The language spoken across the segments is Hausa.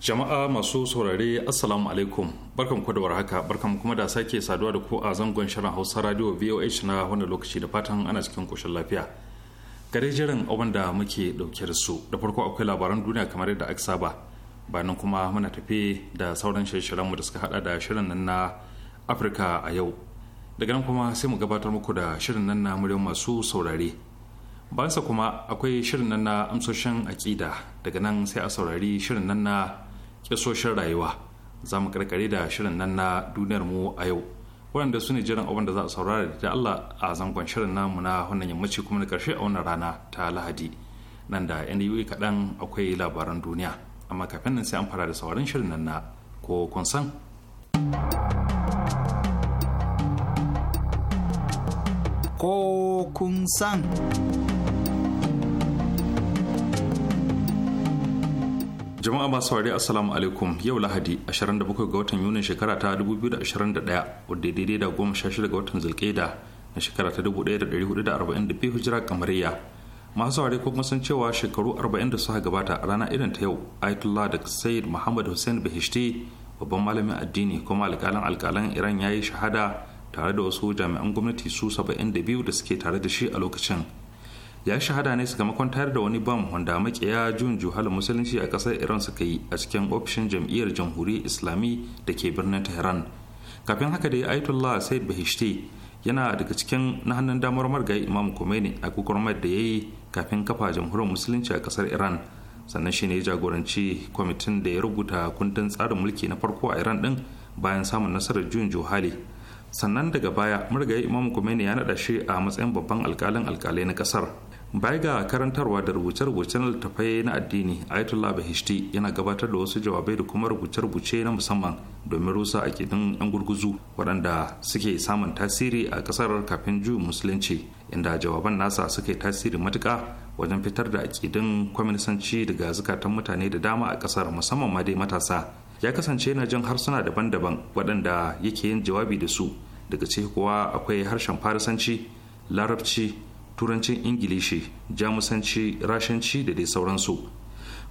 jama'a masu saurare assalamu alaikum barkan ku da warhaka barkan kuma da sake saduwa da ku a zangon shirin hausa radio voh na wannan lokaci da fatan ana cikin koshin lafiya gare jirin abin da muke dauke da su da farko akwai labaran duniya kamar yadda aka saba bayanan kuma muna tafi da sauran shirye mu da suka hada da shirin nan na afirka a yau daga nan kuma sai mu gabatar muku da shirin nan na muryar masu saurare bayansa kuma akwai shirin nan na amsoshin aƙida daga nan sai a saurari shirin nan na isoshin rayuwa za mu karkare da shirin nan na duniyar mu a yau waɗanda su ne jiran abin da za a saurara da Allah a zangon shirin namu na wannan yammaci kuma na karshe a wannan rana ta Lahadi nan da yan yi kaɗan akwai labaran duniya amma kafin nan sai an fara da sauran shirin nan na ko kun san. Ko kun san. jama'a masu wari assalamu alaikum yau lahadi 27 ga watan yunin shekara ta 2021 wadda daidai da goma sha shida ga watan zulkeda na shekara ta 1442 hijira kamariya masu wari kuma sun cewa shekaru 40 da suka gabata a rana irin ta yau ayatollah da sayyid muhammad hussein bahishti babban malamin addini kuma alƙalan alƙalan iran ya yi shahada tare da wasu jami'an gwamnati su 72 da suke tare da shi a lokacin ya shahada ne sakamakon tayar da wani bam wanda makiya jun musulunci a kasar iran suka yi a cikin ofishin jam'iyyar jamhuriyar islami da ke birnin tehran kafin haka da ya ayatollah said bahishti yana daga cikin na hannun damar margayi imam khomeini a kukurmar da ya yi kafin kafa jamhuriyar musulunci a kasar iran sannan shine ya jagoranci kwamitin da ya rubuta kundin tsarin mulki na farko a iran din bayan samun nasarar jun juhali sannan daga baya murgayi imam khomeini ya naɗa shi a matsayin babban alkalin alkalai na kasar bai ga karantarwa da rubuce rubuce na littafai na addini ayatollah bahishti yana gabatar da wasu jawabai da kuma rubuce-rubuce na musamman domin rusa a kidan yan gurguzu waɗanda suke samun tasiri a ƙasar kafin juyin musulunci inda jawaban nasa suke tasiri matuka wajen fitar da akidin kwaminisanci daga zukatan mutane da dama a ƙasar musamman ma dai matasa ya kasance yana jin harsuna daban-daban waɗanda yake yin jawabi da su daga ciki kuwa akwai harshen farisanci larabci turancin ingilishi jamusanci rashanci da dai sauransu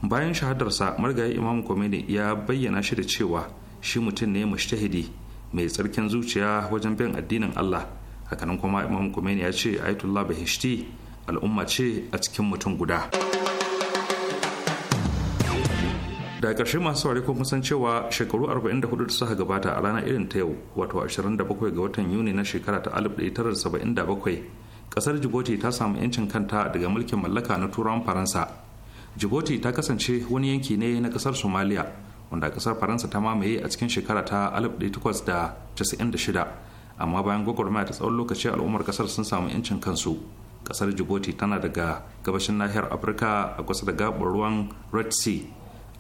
bayan shahadarsa margayi imam komeni ya bayyana shi da cewa shi mutum ne mashtahidi mai tsarkin zuciya wajen bin addinin allah hakanan kuma imam komeni ya ce ayatollah bahishti al'umma ce a cikin mutum guda daga ƙarshe masu saurari kun san cewa shekaru 44 da suka gabata a ranar irin ta yau wato 27 ga watan yuni na shekara ta 1977 kasar jiboti ta samu 'yancin kanta daga mulkin mallaka na turawan faransa jiboti ta kasance wani yanki ne na kasar somalia wanda kasar faransa ta mamaye a cikin shekara ta 1896 amma bayan gwagwarmaya ta tsawon lokaci al'ummar kasar sun samu 'yancin kansu kasar jiboti tana daga gabashin nahiyar afirka a kusa da gabar ruwan red sea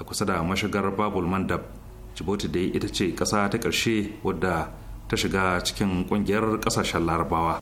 a kusa da mashigar babul mandab djibouti dai ita ce kasa ta ƙarshe wadda ta shiga cikin ƙungiyar ƙasashen larabawa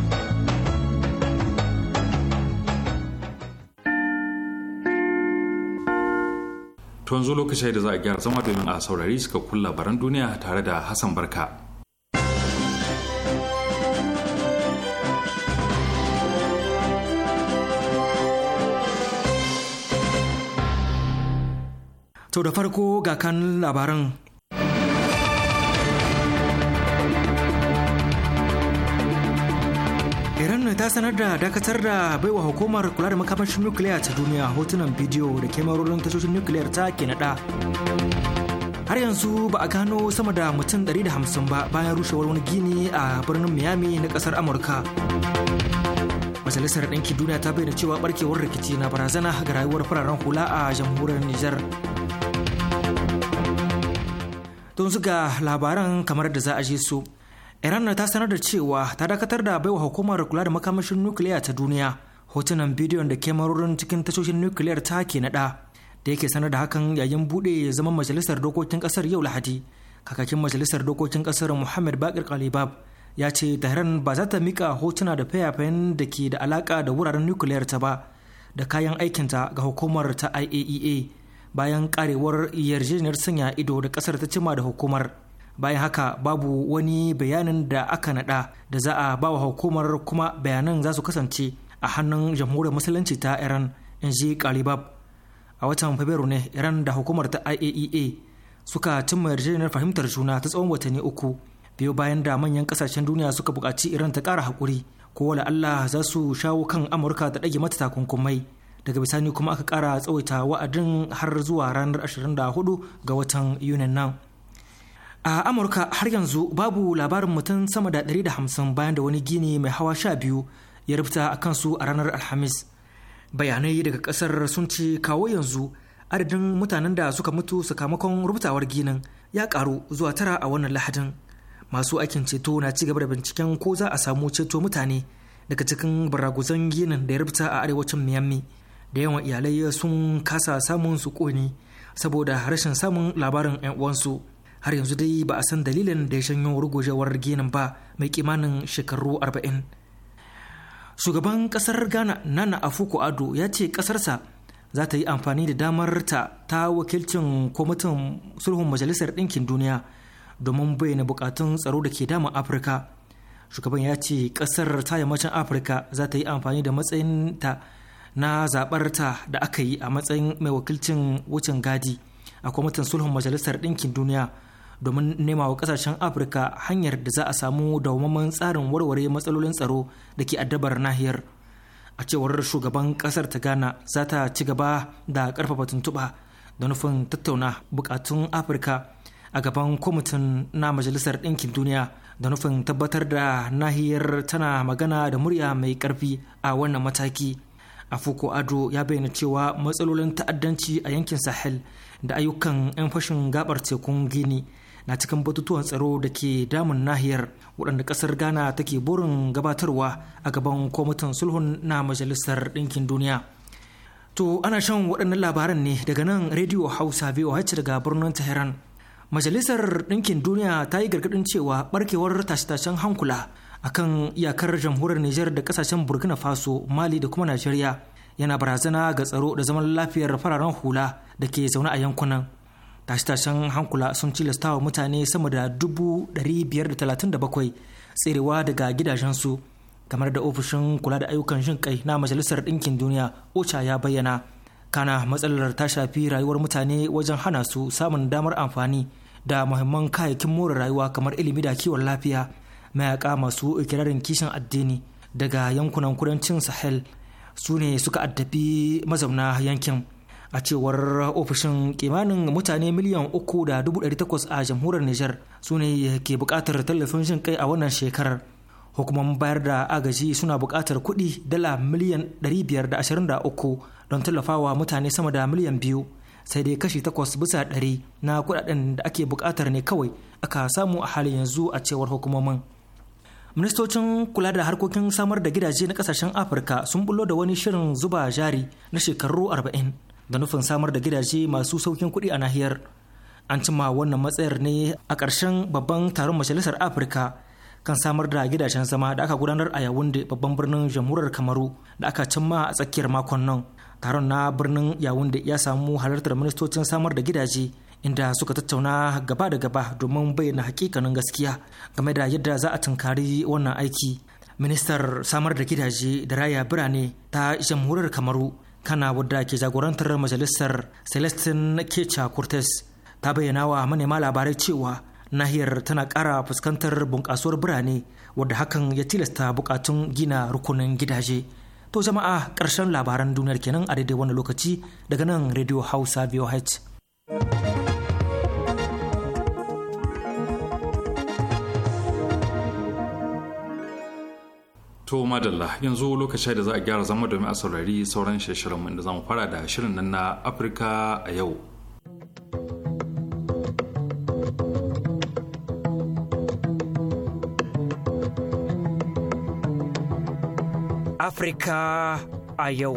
To yanzu lokaci da za a gyara zama domin a saurari suka kulla labaran duniya tare da Hassan Barka. To da farko ga kan labaran ta sanar da dakatar da baiwa hukumar kula da makamashin nukiliya ta duniya hotunan bidiyo da kyamarorin tashoshin nukiliyar ta ke naɗa. Har yanzu ba a gano sama da mutum 150 ba bayan rushewar wani gini a birnin Miami na ƙasar Amurka. Majalisar ɗinki Duniya ta bayyana cewa barkewar rikici na barazana ga rayuwar fararen hula a jamhuriyar Nijar. Don ga labaran kamar da za a je su. iran ta sanar da cewa ta dakatar da baiwa hukumar kula da makamashin nukiliya ta duniya hotunan bidiyon da marorin cikin tashoshin nukiliyar ta ke nada da yake sanar da hakan yayin bude zaman majalisar dokokin kasar yau lahadi kakakin majalisar dokokin kasar muhammad bakir kalibab ya ce tehran ba za ta mika hotuna da fayafayen da ke da alaka da wuraren nukiliyar ta ba da kayan aikinta ga hukumar ta iaea e bayan karewar yarjejeniyar sanya ido da kasar ta cima da hukumar bayan haka babu wani bayanin da aka nada da za a ba hukumar kuma bayanan za su kasance a hannun jamhuriyar musulunci ta iran in ji a watan fabrairu ne iran da hukumar ta iaea e suka cimma yarjejeniyar fahimtar juna ta tsawon watanni uku biyu bayan da manyan kasashen duniya suka bukaci iran ta kara haƙuri ko wala allah za su shawo kan amurka ta ɗage mata takunkumai daga bisani kuma aka kara tsawaita wa'adin har zuwa ranar 24 ga watan yunin nan a amurka har yanzu babu labarin mutum sama da 150 bayan da wani gini mai hawa sha biyu ya rubuta a kansu a ranar alhamis bayanai daga kasar sun ce kawo yanzu adadin mutanen da suka mutu sakamakon rubutawar ginin ya karu zuwa tara a wannan lahadin masu aikin ceto na ci gaba da binciken ko za a samu ceto mutane daga cikin baraguzan ginin da ya rubuta a arewacin miami da yawan iyalai sun kasa samun su saboda rashin samun labarin 'yan uwansu har yanzu dai ba a san dalilin da ya janyo rugujewar ginin ba mai kimanin shekaru arba'in shugaban kasar ghana nana afuku ado ya ce kasarsa za ta yi amfani da damar ta ta wakilcin kwamitin sulhun majalisar ɗinkin duniya domin bayyana bukatun tsaro da ke dama afirka shugaban ya ce kasar ta yammacin afirka za ta yi amfani da matsayin ta na zaɓar ta da aka yi a matsayin mai wakilcin wucin gadi a kwamitin sulhun majalisar ɗinkin duniya domin nema wa kasashen afirka hanyar da za a samu dawwammamen tsarin warware matsalolin tsaro da ke addabar nahiyar a cewar shugaban kasar ta ghana za ta ci gaba da karfafa tuntuɓa da nufin tattauna bukatun afirka a gaban kwamitin na majalisar ɗinkin duniya da nufin tabbatar da nahiyar tana magana da murya mai ƙarfi a wannan mataki a fuko ado ya bayyana cewa matsalolin ta'addanci a yankin sahel da ayyukan 'yan fashin gabar tekun gini na cikin batutuwan tsaro da ke damun nahiyar waɗanda ƙasar ghana take burin gabatarwa a gaban kwamitin sulhun na majalisar ɗinkin duniya to ana shan waɗannan labaran ne daga nan rediyo hausa voh daga birnin tehran majalisar ɗinkin duniya ta yi gargaɗin cewa ɓarkewar tashe-tashen hankula a kan iyakar jamhuriyar niger da ƙasashen burkina faso mali da kuma najeriya yana barazana ga tsaro da zaman lafiyar fararen hula da ke zaune a yankunan tashe-tashen hankula sun cilasta wa mutane sama da 537 tserewa daga gidajensu kamar da ofishin kula da ayyukan jin kai na majalisar ɗinkin duniya ocha ya bayyana kana matsalar ta shafi rayuwar mutane wajen hana su samun damar amfani da muhimman kayayyakin more rayuwa kamar ilimi da kiwon lafiya mayaka masu ikirarin kishin addini daga yankunan kudancin sahel su ne suka addabi mazauna yankin a cewar ofishin kimanin mutane miliyan uku da dubu ɗari takwas a jamhuriyar nijar su ne ke bukatar tallafin jin kai a wannan shekarar hukumar bayar da agaji suna bukatar kuɗi dala miliyan ɗari biyar da ashirin da uku don tallafawa mutane sama da miliyan biyu sai dai kashi takwas bisa ɗari na kuɗaɗen da ake bukatar ne kawai aka samu a halin yanzu a cewar hukumomin ministocin kula da harkokin samar da gidaje na kasashen afirka sun bullo da wani shirin zuba jari na shekaru arba'in. da nufin samar da gidaje masu saukin kuɗi a nahiyar an cimma wannan matsayar ne a ƙarshen babban taron majalisar afirka kan samar da gidajen zama da aka gudanar a yawunde babban birnin jamhuriyar kamaru da aka cimma a tsakiyar makon nan taron na birnin yawunde ya samu halartar ministocin samar da gidaje inda suka tattauna gaba da gaba domin bayyana hakikanin gaskiya game da yadda za a tunkari wannan aiki ministar samar da gidaje da raya birane ta jamhuriyar kamaru kana wadda ke jagorantar majalisar celestin kecha cortes ta bayyana wa manema labarai cewa nahiyar tana kara fuskantar bunkasuwar birane wadda hakan ya tilasta bukatun gina rukunin gidaje to jama'a ƙarshen labaran duniyar kenan a daidai wani lokaci daga nan radio hausa voh To madalla yanzu lokacin da za a gyara zama domin a saurari sauran shirin inda zamu fara da shirin nan na Afirka a yau. Afirka a yau.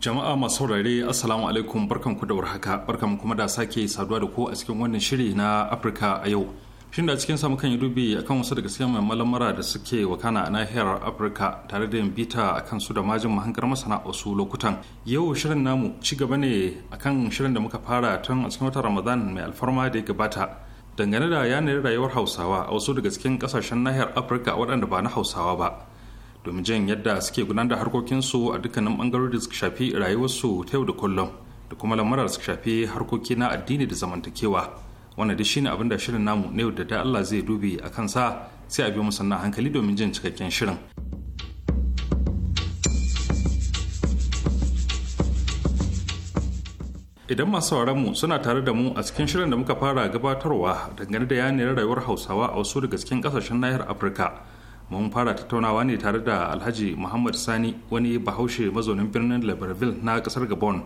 Jama'a masu saurare Assalamu alaikum barkanku da warhaka barkanku kuma da sake saduwa da ku a cikin wannan shiri na Afirka a yau. shin da cikin samu kan yi dubi kan wasu daga cikin maimalamara da suke wakana a nahiyar afirka tare da yin bita kan su da majin mahangar masana wasu lokutan yau shirin namu ci gaba ne kan shirin da muka fara tun a cikin watan ramadan mai alfarma da ya gabata dangane da yanayin rayuwar hausawa a wasu daga cikin kasashen nahiyar afirka waɗanda ba na hausawa ba domin jin yadda suke gudanar da harkokinsu a dukkanin bangarori da suka shafi rayuwarsu ta yau da kullum da kuma lamarar da suka shafi harkoki na addini da zamantakewa wanda da shine abin da shirin namu na yau da da Allah zai dubi a sa sai a biyo mu sannan hankali domin jin cikakken shirin. Idan masu mu suna tare da mu a cikin shirin da muka fara gabatarwa dangane da yanayin rayuwar Hausawa a wasu daga cikin kasashen nahiyar Afirka. Mun fara tattaunawa ne tare da Alhaji Muhammad Sani wani bahaushe mazaunin birnin Libreville na kasar Gabon.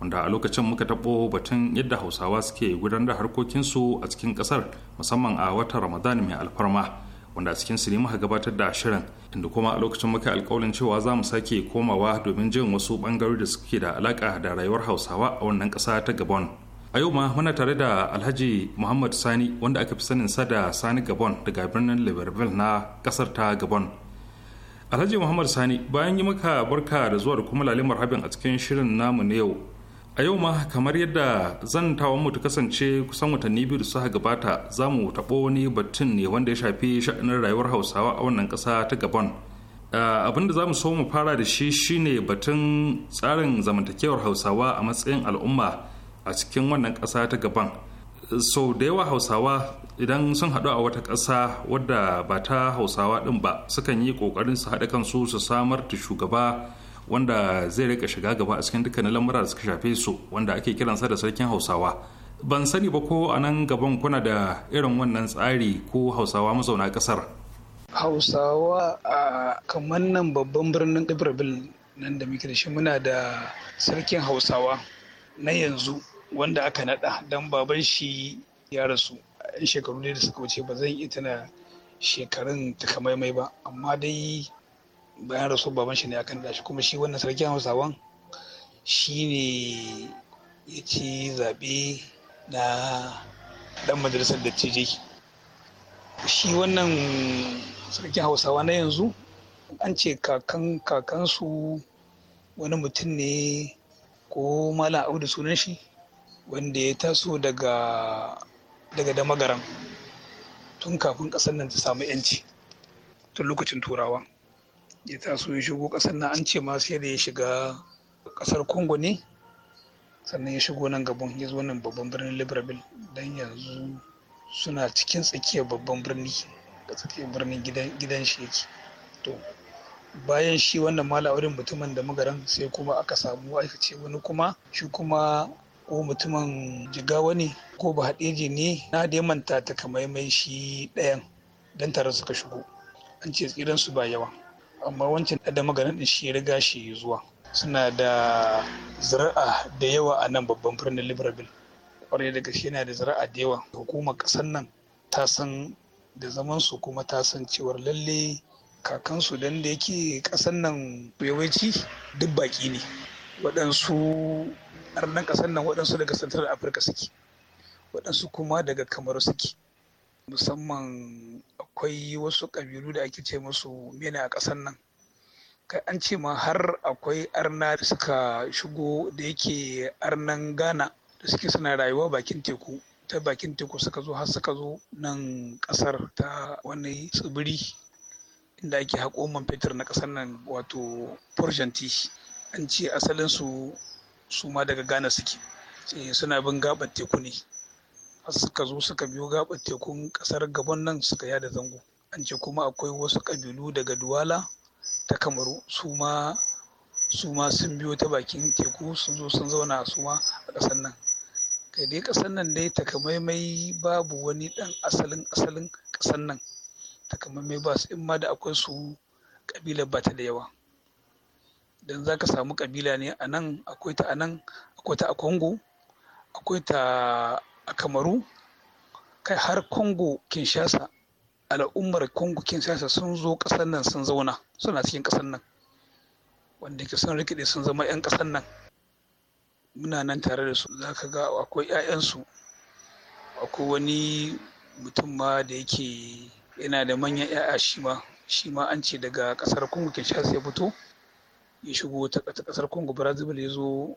wanda a lokacin muka taɓo batun yadda hausawa suke gudanar da harkokinsu a cikin ƙasar musamman a wata ramadan mai alfarma wanda a cikin su ne muka gabatar da shirin inda kuma a lokacin muka alƙawarin cewa za mu sake komawa domin jin wasu ɓangarori da suke da alaƙa da rayuwar hausawa a wannan ƙasa ta gabon a yau ma muna tare da alhaji muhammad sani wanda aka fi sanin sa da sani gabon daga birnin liberville na ƙasar ta gabon alhaji muhammad sani bayan yi maka barka da zuwa da kuma lalimar habin a cikin shirin namu na yau a yau ma kamar yadda zan zantawan ta kasance kusan watanni biyu da suka gabata za mu taɓo wani batun ne wanda ya shafi sha'anin rayuwar hausawa a wannan ƙasa ta gabon abin da za mu so mu fara da shi shine batun tsarin zamantakewar hausawa a matsayin al'umma a cikin wannan ƙasa ta gaban sau da yawa hausawa idan sun haɗu a wata ƙasa wadda ba ta hausawa ɗin ba sukan yi ƙoƙarin su haɗa kansu su samar da shugaba wanda zai rika shiga gaba a cikin dukkanin lamura da suka shafe su wanda ake kiransa da sarkin hausawa ban sani ba ko a nan gaban kuna da irin wannan tsari ko hausawa mazauna kasar hausawa a kamar nan babban birnin libreville nan da muke da shi muna da sarkin hausawa na yanzu wanda aka nada don baban shi ya rasu 'yan shekaru ne da suka wuce ba zan yi tana shekarun takamaimai ba amma dai bayan rasu baban shi ne akan da shi kuma shi wannan sarkin hausawan shi ne ya ci zaɓe na ɗan majalisar dattijai shi wannan sarkin hausawa na yanzu an ce kakan kakansu wani mutum ne ko malam abu da sunan shi wanda ya taso daga daga damagaran tun kafin ƙasar nan ta samu 'yanci tun lokacin turawa ya taso ya shigo kasar na an ce ma sai da ya shiga ƙasar congo ne sannan ya shigo nan gabon ya zo nan babban birnin libreville don yanzu suna cikin tsakiyar babban birni da tsakiyar birnin gidan shi yake to bayan shi wannan malawarin mutumin da magaran sai kuma aka samu aikace wani kuma shi kuma ko mutumin jigawa ne ko ba haɗeji ne na da manta ta kamaimai shi ɗayan don tare suka shigo an ce tsiransu ba yawa amma wancan da maganin din shi riga shi zuwa suna da zira'a da yawa a nan babban birnin libreville kwarai da shi yana da zira'a da yawa hukumar ƙasar nan ta san da zaman su kuma ta san cewar lalle kakansu don da yake ƙasar nan yawanci duk baƙi ne waɗansu arnan ƙasar nan waɗansu daga central afirka suke waɗansu kuma daga kamaru suke musamman akwai wasu ƙabilu da ake ce musu mena a ƙasar nan kai an ce ma har akwai arna da suka shigo da yake arnan ghana da suke suna rayuwa bakin teku ta bakin teku suka zo har suka zo nan ƙasar ta wani tsibiri inda ake haƙo man fetur na ƙasar nan wato porjanti an ce asalinsu su ma daga ghana suke eh, suna bin gaɓar teku ne suka zo suka biyo gaɓar tekun ƙasar gabon nan suka yada zango an ce kuma akwai wasu kabilu daga duwala ta kamaru su ma sun biyo ta bakin teku sun zo sun zauna su ma a ƙasar nan kai dai ƙasar nan dai takamaimai babu wani ɗan asalin asalin ƙasar nan takamaimai ba su in ma da akwai su kabila ba ta da yawa don za ka samu kabila ne a nan akwai ta a nan akwai ta a akwai ta a kamaru kai har congo kinshasa al'ummar congo kinshasa sun zo ƙasar nan sun zauna suna cikin ƙasar nan wanda ke sun rikide sun zama 'yan ƙasar nan muna nan tare da su za ka ga akwai 'ya'yansu akwai wani mutum ma da yake yana da manyan 'ya'ya shi ma shi ma an ce daga ƙasar congo kinshasa ya fito ya shigo ta ƙasar congo brazil ya zo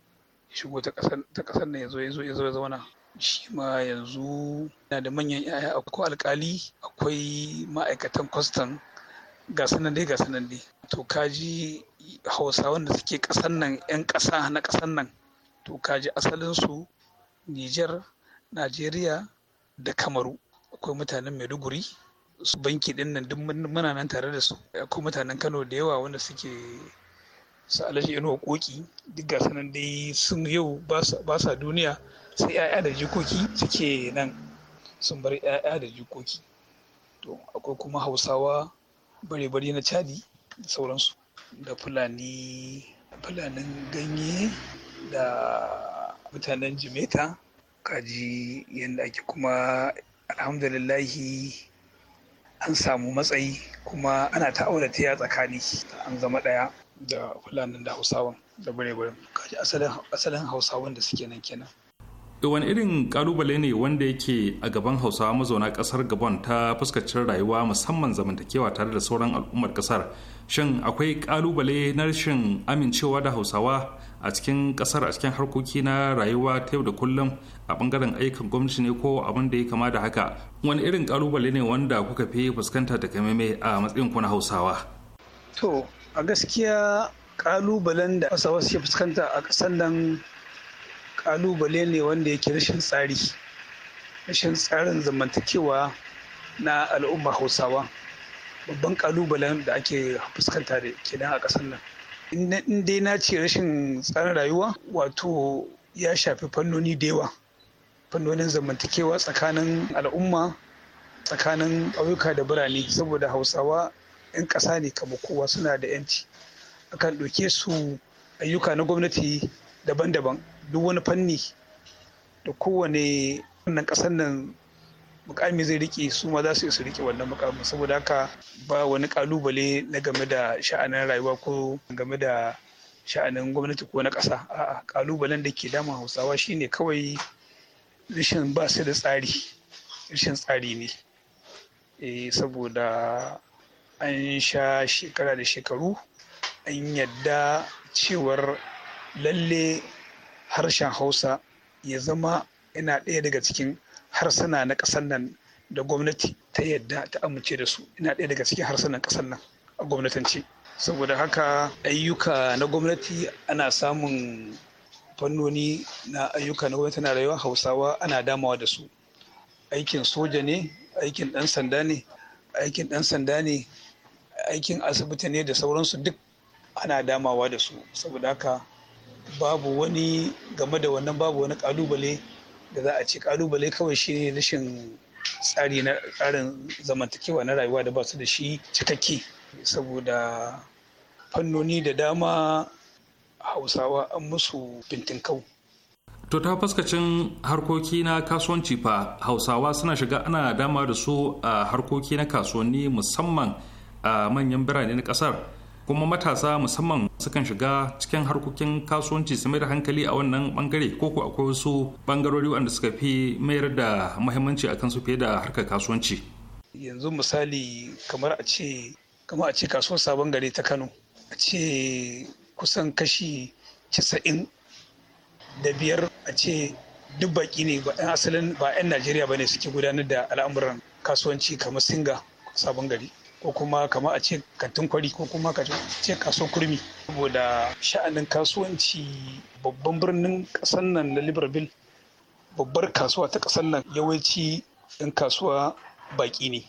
ya shigo ta ƙasar nan ya zo ya zauna shi ma yanzu na da manyan 'ya'ya akwai alkali akwai ma'aikatan kwastan ga sanan dai ga sanan dai to kaji hausa wanda suke kasan nan 'yan ƙasa na kasan nan to kaji su nijar najeriya da kamaru akwai mutanen maiduguri su banki din nan duk muna nan tare da su akwai mutanen kano da yawa wanda suke su alaji inuwa koki duk ga sanan dai sun yau ba sa duniya sai 'ya'ya da jikoki suke nan sun bar 'ya'ya da jikoki to akwai kuma hausawa bare-bare na cadi da sauransu da fulani fulanin ganye da mutanen jimeta kaji yadda ake kuma alhamdulillahi an samu matsayi kuma ana ta aurata ya tsakani an zama ɗaya da fulanin da hausawan da bare-bare kaji asalin hausawan da suke nan kenan wani irin kalubale ne wanda yake a gaban hausawa mazauna kasar gabon ta fuskacin rayuwa musamman zamantakewa tare da sauran al'ummar kasar shin akwai kalubale na rashin amincewa da hausawa a cikin kasar a cikin harkoki na rayuwa ta yau da kullum a bangaren aikin gwamnati ne ko abin da ya kama da haka wani irin kalubale ne wanda kuka fi fuskanta da kameme a matsayin ku na hausawa to a gaskiya kalubalen da hausawa suke fuskanta a nan Ƙalubale ne wanda yake rashin tsari rashin tsarin zamantakewa na al'umma hausawa babban kalubalen da ake fuskanta da kenan a ƙasar nan in dai na ce rashin tsarin rayuwa wato ya shafi fannoni da yawa fannonin zamantakewa tsakanin al'umma tsakanin ƙauyuka da birane saboda hausawa 'yan ƙasa ne kama kowa suna da 'yanci akan ɗauke su ayyuka na gwamnati daban-daban duk wani fanni da kowane wannan ƙasar nan mukami zai rike su ma za su su rike wannan mukamin saboda haka ba wani kalubale na game da sha'anin rayuwa ko game da sha'anin gwamnati ko na ƙasa a'a kalubalen da ke dama hausawa shine kawai rashin ba su da tsari rashin tsari ne eh saboda an sha shekara da shekaru an yadda cewar lalle harshen hausa ya zama ina ɗaya daga cikin harsuna na ƙasar nan da gwamnati ta yadda ta amince da su yana ɗaya daga cikin harsunan ƙasar nan a gwamnatance saboda haka ayyuka na gwamnati ana samun fannoni na ayyuka na gwamnati na rayuwa hausawa ana damawa da su aikin soja ne aikin ɗan sanda ne aikin ɗan sanda ne aikin asibiti ne da sauransu duk ana damawa da su saboda haka babu wani game da wannan babu wani kalubale da za a ce kalubale kawai shine rashin tsari na tsarin zamantakewa na rayuwa da ba su da shi cikakke saboda fannoni da dama hausawa an musu bintinkau to ta fuskacin harkoki na kasuwanci fa hausawa suna shiga ana dama da su a harkoki na kasuwanni musamman a manyan birane na kasar kuma matasa musamman sukan shiga cikin harkokin kasuwanci su da hankali a wannan bangare ko ko akwai wasu bangarori wanda suka fi mayar da muhimmanci akan su fiye da harkar kasuwanci yanzu misali kamar a ce kamar a ce kasuwar sabon gari ta kano a ce kusan kashi casa'in da biyar a ce duk baki ne ba 'yan asalin ba 'yan najeriya ba ne suke gudanar da al'amuran kasuwanci kamar singa sabon gari ko kuma kamar a ce kantin kwari ko kuma ka ce kaso kurmi saboda sha'anin kasuwanci babban birnin ƙasar nan na liberville babbar kasuwa ta ƙasar nan yawanci 'yan kasuwa baƙi ne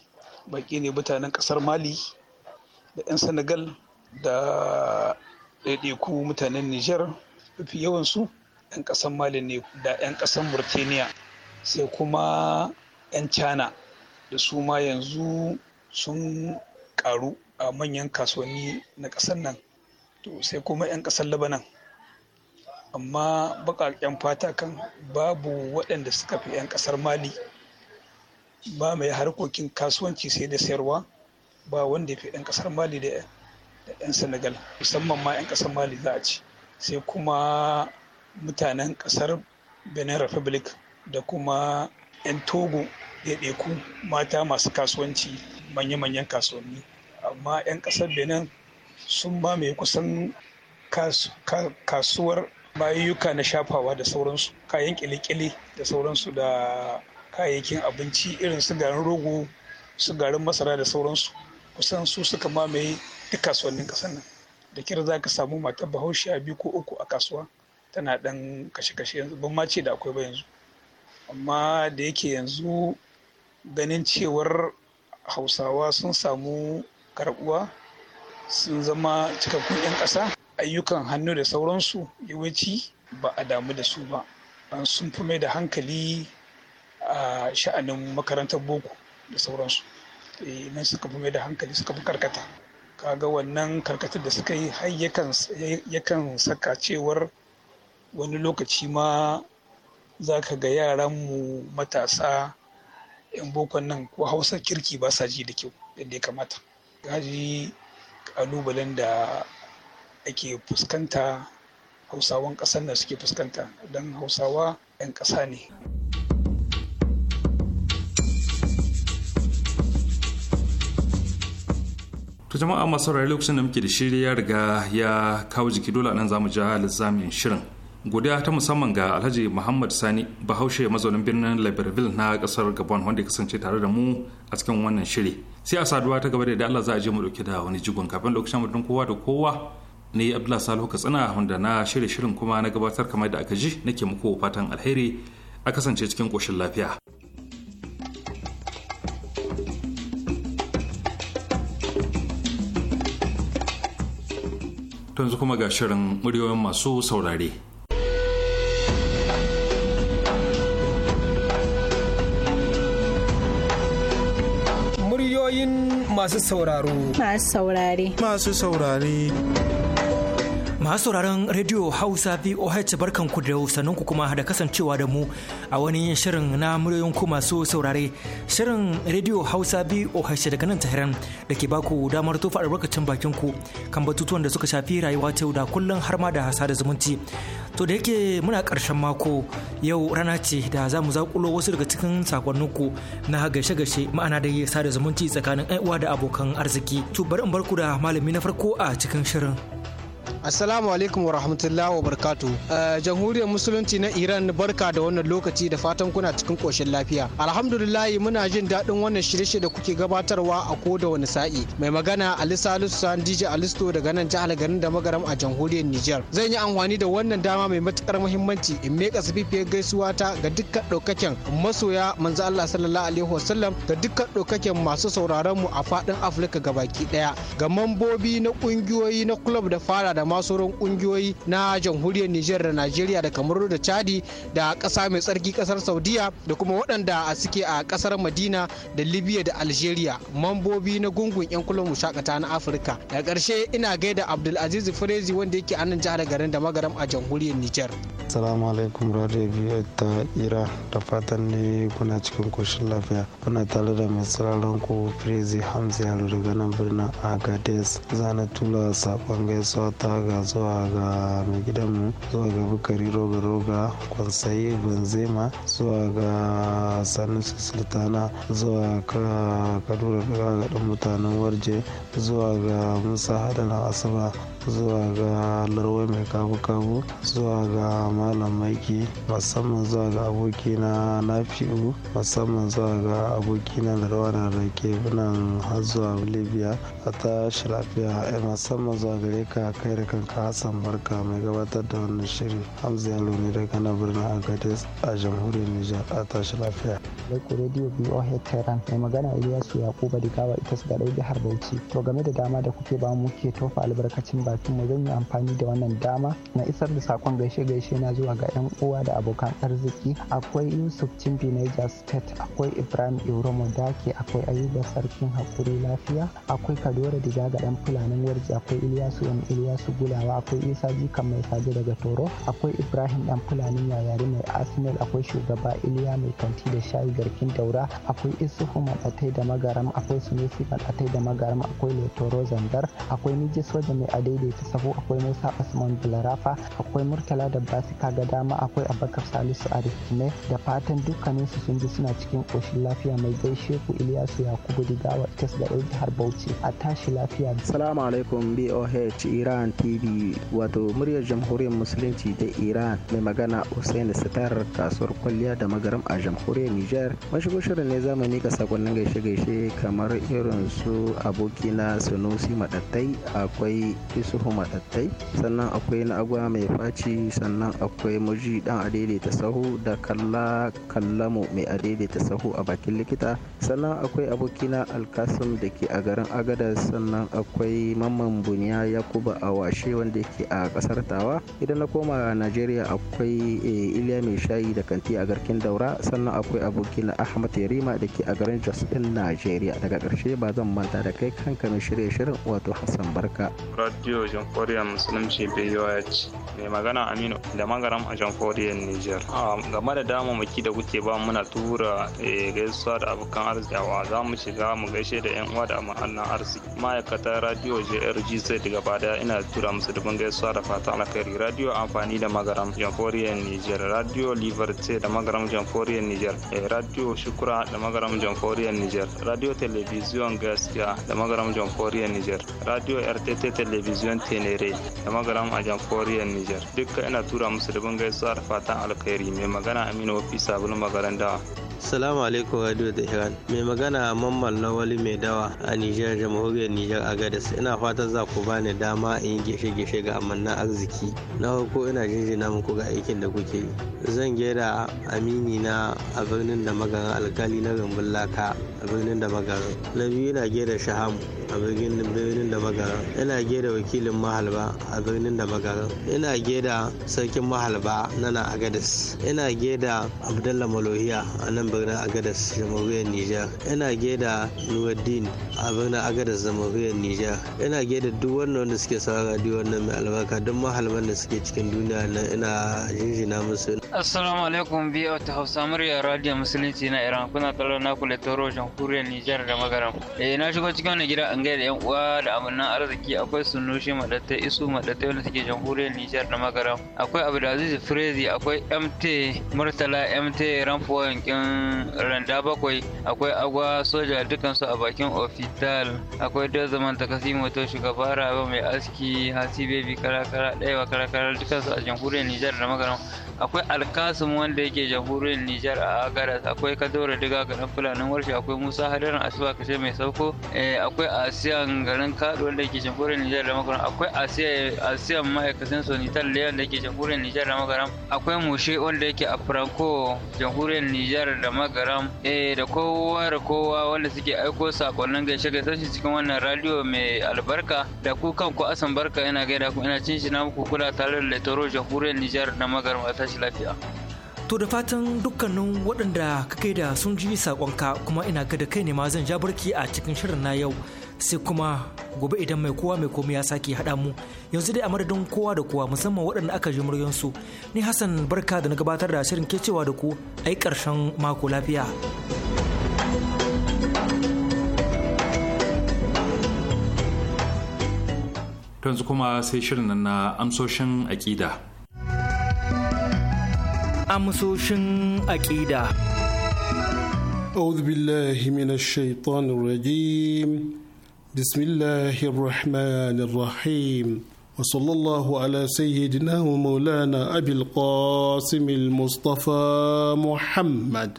baƙi ne mutanen ƙasar mali da 'yan senegal da ɗaiɗaiku mutanen niger mafi yawansu 'yan ƙasan mali ne da 'yan ƙasar murtaniya sai kuma 'yan China da su ma yanzu sun karu a manyan kasuwanni na ƙasar nan to sai kuma 'yan ƙasar labanan amma baƙaƙen fata kan babu waɗanda suka fi 'yan ƙasar mali ba mai harkokin kasuwanci sai da sayarwa ba wanda ya fi 'yan ƙasar mali da 'yan senegal musamman ma 'yan ƙasar mali za a ci sai kuma mutanen ƙasar benin republic da kuma 'yan togo ɗaiɗaiku mata masu kasuwanci manya-manyan kasuwanni amma 'yan ƙasar benin sun mamaye kusan kasuwar bayyuka na shafawa da sauransu kayan kile-kile da sauransu da kayayyakin abinci irin su garin rogo su garin masara da sauransu kusan su suka mamaye duk kasuwannin ƙasar nan da kira za ka samu matar bahaushe a biyu ko uku a kasuwa tana ɗan kashe-kashe yanzu ban mace da akwai ba yanzu amma da yake yanzu ganin cewar hausawa sun samu karbuwa sun zama cikakkun 'yan ƙasa ayyukan hannu da sauransu yawanci ba a damu da su ba an sun fi mai da hankali a sha'anin makarantar boko da sauransu eh, nan suka fi mai da hankali suka fi karkata kaga wannan karkatar da suka yi har yakan saka cewar wani lokaci ma za ka ga yaranmu matasa 'yan bokon nan ko hausa kirki ba sa ji da kyau yadda ya kamata gaji kalubalen da ake fuskanta hausawan kasar nan suke fuskanta don hausawa 'yan kasa ne ta jama'a masu rayu lokacin da muke da shirya ya riga ya kawo jiki dole nan zamu ja lissamin shirin godiya ta musamman ga alhaji muhammad sani bahaushe mazaunin birnin libreville na kasar gabon wanda ya kasance tare da mu a cikin wannan shiri sai a saduwa ta gaba da allah za a je mu dauke da wani jigon kafin lokacin mutum kowa da kowa ne abdullah salihu katsina wanda na shirye shirin kuma na gabatar kamar da aka ji nake muku fatan alheri a kasance cikin koshin lafiya yanzu kuma ga shirin muryoyin masu saurare masu sauraro. Masu saurare. Masu saurare. Masu sauraron Radio Hausa VOH ku da ku kuma da kasancewa da mu a wani shirin na muryoyin ku masu saurare. Shirin Radio Hausa VOH daga nan Tahiran da ke baku damar tofa albarkacin bakin ku kan batutuwan da suka shafi rayuwa ta da kullum har ma da hasa da zumunci. To da yake muna ƙarshen mako yau rana ce da za mu zakulo wasu daga cikin sakonninku na gashe gashe ma'ana da sada zumunci tsakanin uwa da abokan arziki. To bari in barku da malami na farko a cikin shirin. Assalamu alaikum wa rahmatullahi wa barkatu. Uh, jamhuriyar Musulunci na Iran barka da wannan lokaci da fatan kuna cikin koshin lafiya. Alhamdulillahi muna jin daɗin wannan shirye-shirye da kuke gabatarwa a ko da wani sa'i. Mai magana Ali Salisu San DJ Alisto daga nan jihar garin da magaram a jamhuriyar Nijar. Zan yi amfani da wannan dama mai matukar muhimmanci in meka sififiyar gaisuwa ta ga dukkan ɗaukaken masoya manzo Allah sallallahu alaihi wasallam ga dukkan ɗaukaken masu sauraron mu a faɗin Afirka gabaki ɗaya. Ga mambobi na ƙungiyoyi na club da fara da ma sauran kungiyoyi na jamhuriyar Nijar da Najeriya da Kamaru da Chadi da ƙasa mai tsarki ƙasar Saudiya da kuma waɗanda suke a ƙasar Madina da Libya da Algeria mambobi na gungun 'yan kulun mushakata na Afirka. Da ƙarshe ina gaida Abdulaziz Firezi wanda yake a nan jihar garin da magaram a jamhuriyar Nijar. assalamu alaikum radio biyu ta ira da fatan ne kuna cikin koshin lafiya kuna tare da mai sauraron ku crazy hamza daga nan birnin agades zana tula sakon gaisuwa ta ga zuwa ga mai gidanmu zuwa ga bukari roga roga kwansaye benzema zuwa ga sanusi sultana zuwa ga kadura ga dan mutanen warje zuwa ga musa hadana asaba zuwa ga larwai mai kabu-kabu zuwa ga malam maiki musamman zuwa ga abokina nafi'u musamman zuwa ga abokina larwana da ke nan har zuwa libya a ta shirafiya eh, musamman zuwa gare ka kai da kanka hassan barka mai gabatar da wannan shiri hamza yalo ne daga na birnin agadez a jamhuriyar nijar a tashi lafiya Baiko Radio VOH Tehran mai magana Iliyasu Yakuba Digawa ita su da jihar Bauchi to game da dama da kuke ba mu ke tofa albarkacin ba mu zan yi amfani da wannan dama na isar da sakon gaishe-gaishe na zuwa ga 'yan uwa da abokan arziki akwai yusuf cimbi niger state akwai ibrahim iromo daki akwai ayuba sarkin hakuri lafiya akwai kadora diga ga 'yan fulanin warji akwai iliyasu yan iliyasu gulawa akwai isa jika mai saje daga toro akwai ibrahim dan fulanin yayari mai arsenal akwai shugaba iliya mai kanti da shayi garkin daura akwai isuhu matsatai da magaram akwai sunusi matsatai da magaram akwai letoro zangar akwai miji soja mai adai ta sabo akwai musa asman bularafa akwai murtala da basika ga dama akwai abakar salisu arifine da fatan dukkanin su sun ji suna cikin koshin lafiya mai gaishe ku iliyasu yakubu digawa kes da jihar bauchi a tashi lafiya salamu alaikum boh iran tv wato muryar jamhuriyar musulunci da iran mai magana hussein sitar kasuwar kwalliya da magaram a jamhuriyar niger mashigo shirin ne zamani ka sakonnin gaishe gaishe kamar irin su abokina sanusi madattai akwai isu isuhu matattai sannan akwai na agwa mai faci sannan akwai muji dan adaidaita sahu da kalla kallamu mai adaidaita sahu a bakin likita sannan akwai abokina alkasim da ke a garin agada sannan akwai mamman buniya yakuba a washe wanda ke a kasar tawa idan na koma najeriya akwai eh, iliya mai shayi da kanti a garkin daura sannan akwai abokina ahmad yarima da ke a garin jos din najeriya daga ƙarshe ba zan manta da kai kanka mai shirye shirin wato hassan barka yau jamhuriyar musulunci BOH mai magana Aminu da magaram a jamhuriyar Nijar. Game da dama maki da kuke ba muna tura eh, gaisuwa da abokan arzikawa za mu shiga mu gaishe da yan uwa da ma'annan arziki. Ma'aikatan radio JRGZ daga bada ina tura musu dubin gaisuwa da fata alkhairi. Radio amfani da magaram jamhuriyar Nijar. Radio liberty da magaram jamhuriyar Nijar. Eh, radio Shukura da magaram jamhuriyar Nijar. Radio Television Gaskiya da magaram jamhuriyar Nijar. Radio RTT Television region tenere da magaram a jamforiyar niger dukka ina tura musu da gaisuwa da fatan alkhairi mai magana aminu wafi sabulun magaran dawa Salamu alaikum Radio iran Mai magana Mamman Lawali Mai Dawa a niger Jamhuriyar niger a Gadas. Ina fatan za ku bani dama in yi gishe-gishe ga amanna arziki. Na farko ina jinjina muku ga aikin da kuke yi. Zan gera amini na a birnin da magaran alkali na rumbun laka a birnin da magaran. Na biyu ina gera shaham a birnin da magaran. Ina gera wakil wakilin mahalba a birnin da magaran ina geda sarkin mahalba na nan agadas ina geda abdallah malohiya a nan birnin agadis jamhuriyar nijar ina geda nuruddin a birnin agadas jamhuriyar nijar ina geda duk wannan wanda suke sa radio wannan mai albarka duk mahalman da suke cikin duniya nan ina jinjina musu assalamu alaikum biyu ta hausa murya radio musulunci na iran kuna kallon na kula toro jamhuriyar nijar da magaran eh na shigo cikin wani gida an gaida yan uwa da amannan arziki akwai sunushi Bauchi Madatai Isu Madatai wanda suke jamhuriyar Nijar da magara akwai Abdulaziz Frezi akwai MT Murtala MT Ramfo yankin Randa bakwai akwai Agwa Soja dukansu a bakin Ofital akwai ta kasi to shugaba raba mai aski Hasi bebi Karakara ɗaya wa Karakara dukansu a jamhuriyar Nijar da magara akwai Alkasum wanda yake jamhuriyar Nijar a Agadas akwai Kadore Diga garin Fulanin Warshe akwai Musa hadarin Asuba Kashe mai sauko eh, akwai Asiyan garin kaɗo wanda yake jamhuriyar Nijar da Magaram magaram akwai asiyan ma'aikacin sonitar leon da ke jamhuriyar nijar da magaram akwai mushe wanda yake a franco jamhuriyar nijar da magaram eh, da kowa da kowa wanda suke aiko sakonnin gaishe gaishe shi cikin wannan radio mai albarka da ku ku asan barka ina gaida ku ina cin shi na muku kula tare da letoro jamhuriyar nijar da magaram a tashi lafiya To da fatan dukkanin waɗanda ka kai da sun ji saƙonka kuma ina ga da kai ne ma zan ja barki a cikin shirin na yau sai kuma gobe idan mai kowa mai komai ya sake haɗa mu yanzu dai a madadin kowa da kowa musamman waɗanda aka ji muryansu ni hassan barka da na gabatar da shirin ke cewa da ku a yi ƙarshen mako lafiya yanzu kuma sai shirin na amsoshin aƙida amsoshin aƙida أعوذ بالله من الشيطان الرجيم بسم الله الرحمن الرحيم وصلى الله على سيدنا ومولانا أبي القاسم المصطفى محمد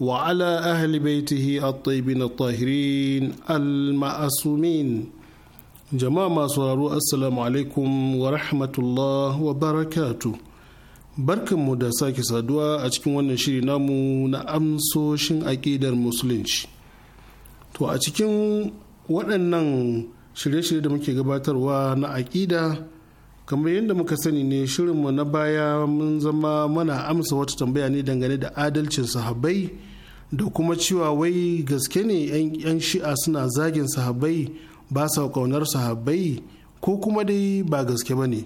وعلى أهل بيته الطيبين الطاهرين المعصومين جماعة صلوا السلام عليكم ورحمة الله وبركاته barkan mu da sake saduwa a cikin wannan shiri namu na amsoshin aƙidar musulunci to a cikin waɗannan shirye-shirye da muke gabatarwa na aƙida kamar yadda muka sani ne shirinmu na baya mun zama mana amsa wata tambaya ne dangane da adalcin sahabbai da kuma cewa wai gaske ne 'yan shi'a suna zagin sahabbai ba sa kaunar sahabbai ko kuma dai ba gaske ba ne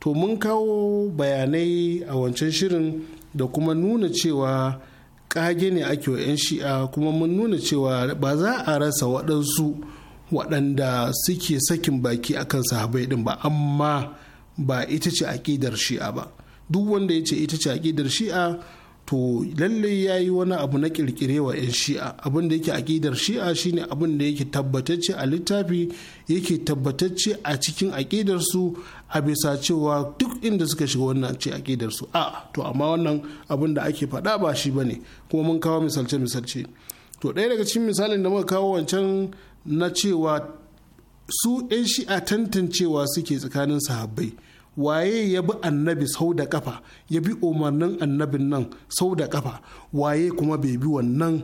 to mun kawo bayanai a wancan shirin da kuma nuna cewa kage ne ake wa 'yan shi'a kuma mun nuna cewa ba za a rasa waɗansu waɗanda suke sakin baki akan sahabai din ba amma ba ita ce aƙidar shi'a ba duk wanda ya ce ita ce aƙidar shi'a to lallai ya yi wani abu na ƙirƙirewa 'yan shi'a abin da yake aƙidar shi'a shine abin da yake tabbatacce a littafi yake tabbatacce a cikin aƙidarsu a bisa cewa duk inda suka shiga wannan ce akidar su a to amma wannan abin da ake faɗa ba shi bane kuma mun kawo misalce misalce to ɗaya daga cikin misalin da muka kawo wancan na cewa su 'yan a tantancewa suke tsakanin sahabbai waye ya bi annabi sau da kafa ya bi umarnin annabin nan sau da kafa waye kuma bai bi wannan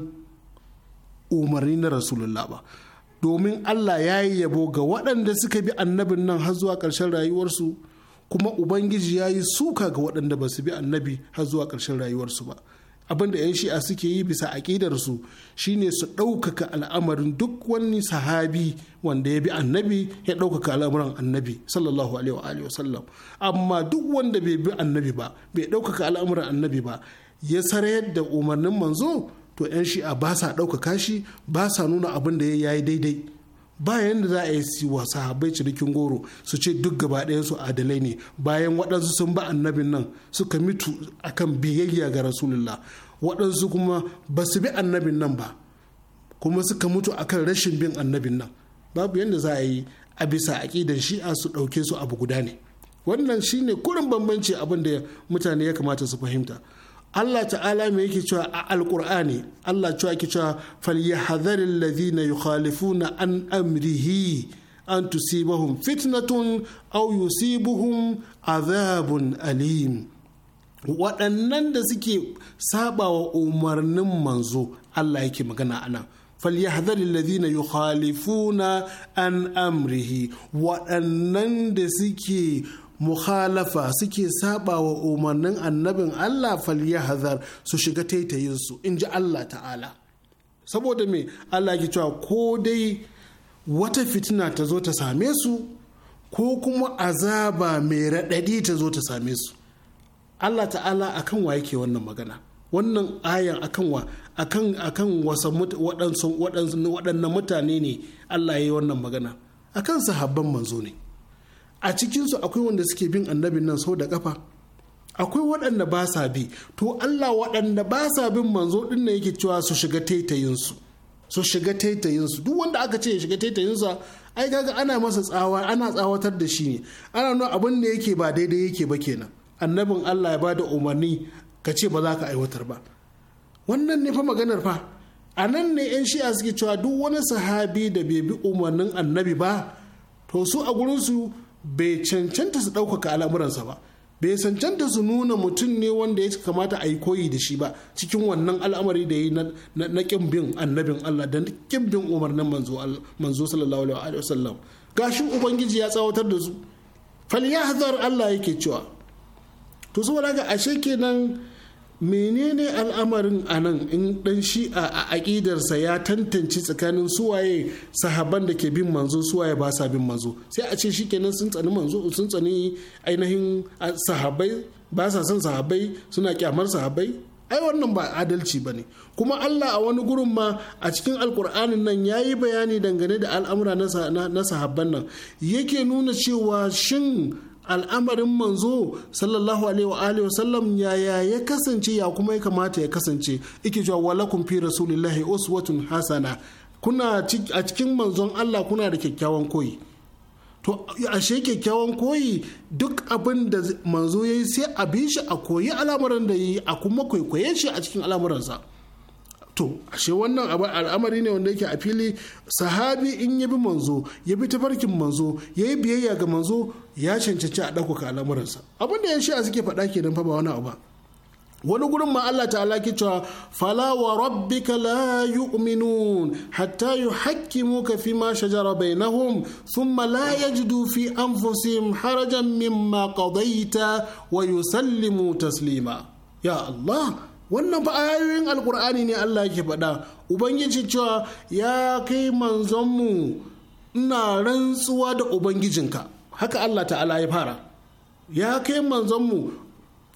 umarni na rasulullah ba domin Allah ya yi yabo ga waɗanda suka bi annabin nan har zuwa ƙarshen rayuwarsu kuma ubangiji ya yi suka ga waɗanda ba su bi annabi har zuwa ƙarshen rayuwarsu ba abin da 'yan shi'a suke yi bisa aƙidarsu shine su ɗaukaka al'amarin duk wani sahabi wanda ya bi annabi ya ɗaukaka al'amuran annabi sallallahu alaihi wa sallam amma duk wanda bai bi annabi ba bai ɗaukaka al'amuran annabi ba ya sarayar da umarnin manzo to 'yan shi'a ba sa ɗaukaka shi ba sa nuna abin da ya yi daidai bayan da za a yi wa sahabai cinikin goro su ce duk gaba su adalai ne bayan waɗansu sun ba annabin nan suka mitu akan biyayya ga rasulullah waɗansu kuma ba su bi annabin nan ba kuma suka mutu akan rashin bin annabin nan babu yadda za a yi a bisa aƙidan shi'a su ɗauke su abu guda ne wannan shine kurin bambanci abin da mutane ya kamata su fahimta Allah ta'ala mai yake cewa a alkur'ani Allah cewa yake cewa falyahdhar alladhina yukhalifuna an amrihi an tusibahum fitnatun aw yusibuhum azabun alim waɗannan da suke saɓawa umarnin manzo Allah yake magana anan falyahdhar alladhina yukhalifuna an amrihi waɗannan da suke muhalafa suke saba wa umarnin annabin Allah falyahzar su shiga taitayinsu in ji Allah ta'ala saboda me Allah ke cewa ko dai wata fitina ta zo ta same su ko kuma azaba mai raɗaɗi ta zo ta same su Allah ta'ala akan wa yake wannan magana wannan ayan akan wa akan akan waɗannan mutane ne Allah ya yi wannan magana akan sahabban manzo ne a cikinsu akwai wanda suke bin annabin nan sau da kafa akwai waɗanda ba sa bi to Allah waɗanda ba sa bin manzo ɗin ne yake cewa su shiga taitayinsu su shiga taitayinsu duk wanda aka ce ya shiga taitayinsa ai kaga ana masa tsawa ana tsawatar da shi ne ana nuna abin da yake ba daidai yake ba kenan annabin Allah ya bada umarni ka ce ba za ka aiwatar ba wannan ne fa maganar fa a nan ne 'yan shi'a suke cewa duk wani sahabi da bai bi umarnin annabi ba to su a gurin su. bai cancanta su ɗaukaka al'amuransa ba bai cancanta su nuna mutum ne wanda ya kamata a yi koyi da shi ba cikin wannan al'amari da ya yi na kin bin annabin Allah da kin bin umarnin manzo sallallahu alaihi wa wasallam gashi ubangiji ya tsawatar da su fal Allah yake cewa to saboda ga ashe kenan menene al'amarin a nan in dan shi'a a aƙidarsa ya tantance tsakanin suwaye sahaban da ke bin manzo suwaye ba sa bin manzo sai a ce shikenan sun tsani manzo sun tsani ainihin sahabai ba sa son sahabai suna kyamar sahabai ai wannan ba adalci ba ne kuma allah a wani gurin ma a cikin alkur'anin nan ya yi bayani dangane da al'amura na sahabban nan yake nuna cewa shin al'amarin manzo sallallahu alaihi wa sallam yaya ya kasance ya kuma ya kamata ya kasance ike cewa walakum fi rasulillahi uswatun hasana kuna a cikin manzon Allah kuna da kyakkyawan koyi to ashe kyakkyawan koyi duk abin da manzo yayi sai a bi shi a koyi al'amarin da yi a kuma kwaikwaye shi a cikin al'amuransa to ashe wannan al'amari ne wanda yake a fili sahabi in ya bi manzo ya bi tafarkin manzo ya yi biyayya ga manzo ya cancanci a ɗaukaka al'amuransa abin da ya shi a suke faɗa ke fa ba wani abu ba wani gurin ma Allah ta'ala ke cewa fala wa rabbika la yu'minun hatta mu fi ma shajara bainahum thumma la yajidu fi anfusihim harajan mimma qadaita wa yusallimu taslima ya Allah wannan fa ayoyin alkur'ani ne Allah yake faɗa ubangiji cewa ya kai manzonmu mu ina rantsuwa da ubangijinka haka Allah ta'ala ya fara ya kai manzonmu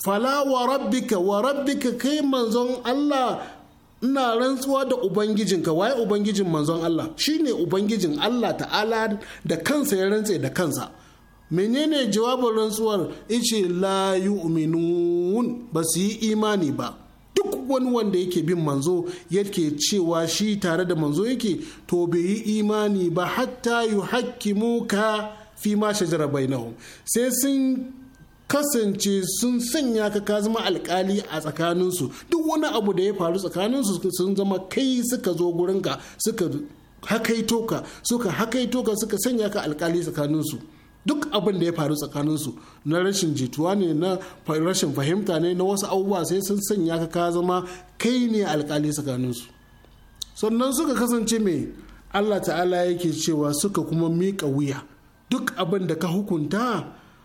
fala wa rabbika wa rabbika kai manzon Allah ina rantsuwa da ubangijinka waye ubangijin manzon Allah shine ubangijin Allah ta'ala da kansa ya rantse da kansa menene jawabin rantsuwar ice la yu'minun ba su yi imani ba duk wani wanda yake bin manzo yake cewa shi tare da manzo yake to bai yi imani ba hatta yuhakkimuka fi ma shajara bainahum sai sun kasance sun sanya ka ka zama alkali a tsakaninsu duk wani abu da ya faru tsakaninsu sun zama kai suka zo gurinka suka hakaito ka suka hakaito ka suka sanya ka alkali tsakaninsu duk abin da ya faru tsakaninsu na rashin jituwa ne na rashin fahimta ne na wasu abubuwa sai sun sanya ka ka zama kai ne alkali tsakaninsu sannan suka kasance mai allah ta'ala yake cewa suka kuma mika wuya duk abin da ka hukunta